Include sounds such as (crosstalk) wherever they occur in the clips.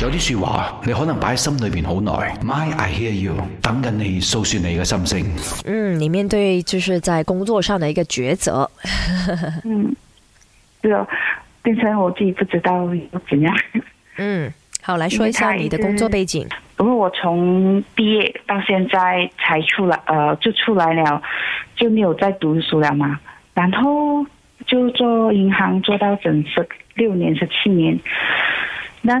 有啲說話，你可能擺喺心裏邊好耐。My I hear you，等緊你訴說你嘅心聲。嗯，你面對就是在工作上的一個抉擇。 (laughs) 嗯，變成我自己不知道怎樣。嗯，好，來說一下你的工作背景。因為我從畢業到現在，才出來，呃，就出來了，就沒有再讀書了嘛。然後就做銀行，做到整十六年、十七年，但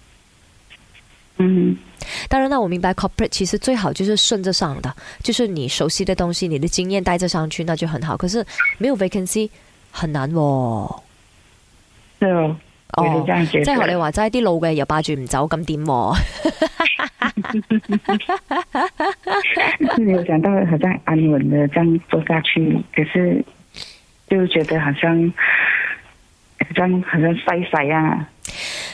嗯，當然，那我明白。Corporate 其實最好就是順着上的，就是你熟悉的東西，你的經驗帶著上去，那就很好。可是沒有 vacancy，很難哦，對哦。哦，即係學你話齋，啲老嘅又霸住唔走，哦，咁點？我想到好像安穩的這樣做下去，可是就覺得好像真係好像嘥晒啊！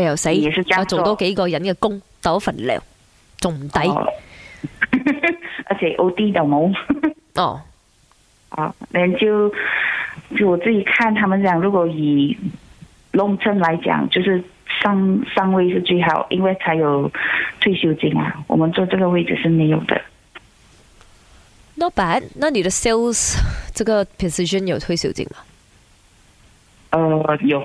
你又死，我做、啊、做多幾個人嘅工，得份糧，仲唔抵？Oh. (laughs) 而且 O D、 (laughs) oh. oh. 就冇。哦，啊，咁就就我自己看，他們講如果以 long term 來講，就是上上位是最好，因為才有退休金啊。我們做這個位置是沒有的。Not bad. 那你的 sales 這個 position 有退休金嗎？啊、uh,，有。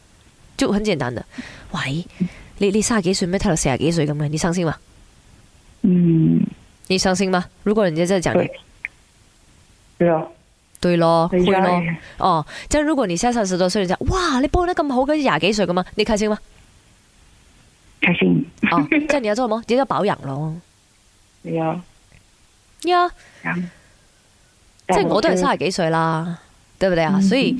就很簡單的，喂，你你三十幾歲咩？睇到四十幾歲咁樣，你傷心嗎？嗯，你傷心嗎？如果人家真係講你，咩啊，對咯，對咯，哦，即係如果你三十多歲人家哇，你保養得咁好，咁廿幾歲咁嘛，你開心嗎？開心， (laughs) 哦，即係你要做乜？你要保養咯，咩、 (laughs) (laughs) yeah. yeah. yeah. yeah. 啊？呀，即係我都係三十幾歲啦，對唔對啊？所以。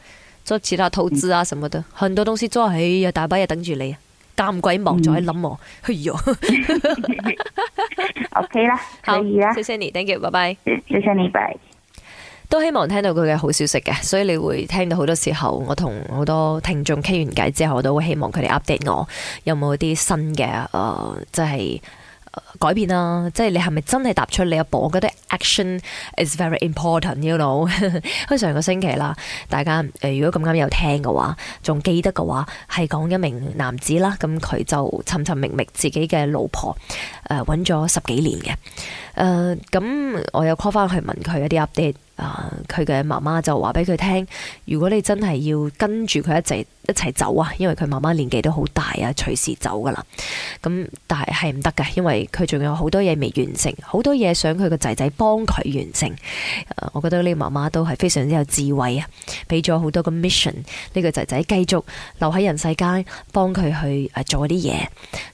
做其他投資啊，什麼的很，很多東西做，哎呀，大把嘢等住你啊，咁鬼忙喺諗我，哎喲，OK 啦，可 (laughs) 以、okay、好，謝謝你，thank you，拜拜，謝謝你拜，都希望聽到佢嘅好消息嘅，所以你會聽到好多時候，我同好多聽眾傾完偈之後，我都會希望佢哋 update 我有冇啲新嘅，誒、呃，即、就、係、是。呃改變啦，即係你係咪真係踏出你阿婆嗰啲 action is very important，you know。 (laughs) 喺上個星期啦，大家誒，如果咁啱有聽嘅話，仲記得嘅話係講一名男子啦，咁佢就尋尋覓覓自己嘅老婆，誒，揾咗十幾年嘅，誒、呃、咁我又 call 翻去問佢一啲 update。啊、呃，佢嘅媽媽就話俾佢聽，如果你真係要跟住佢一齊一齊走啊，因為佢媽媽年紀都好大啊，隨時走噶啦。咁但係係唔得嘅，因為佢。仲有好多嘢未完成，好多嘢想佢個仔仔幫佢完成。我覺得呢個媽媽都係非常之有智慧啊，俾咗好多個 mission，這個 mission 呢個仔仔繼續留喺人世間幫佢去誒做啲嘢。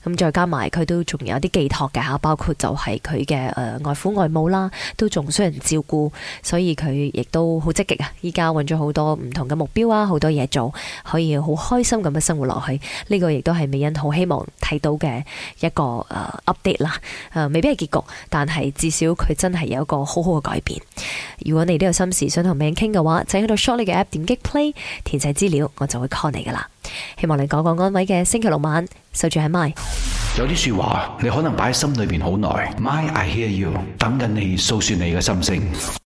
咁再加埋佢都仲有啲寄託嘅吓，包括就係佢嘅誒外父外母啦，都仲需要人照顧，所以佢亦都好積極啊！依家揾咗好多唔同嘅目標啊，好多嘢做，可以好開心咁樣生活落去。呢、這個亦都係美恩好希望睇到嘅一個誒 update 啦。誒，未必係結局，但係至少佢真係有一個好好嘅改變。如果你都有心事想同名 a n 傾嘅話，就喺度 short 呢個 app 點擊 play，填寫資料，我就會 call 你噶啦。希望你講個安慰嘅星期六晚，守住係 My。有啲說話你可能擺喺心裏邊好耐，My I hear you，等緊你訴說你嘅心聲。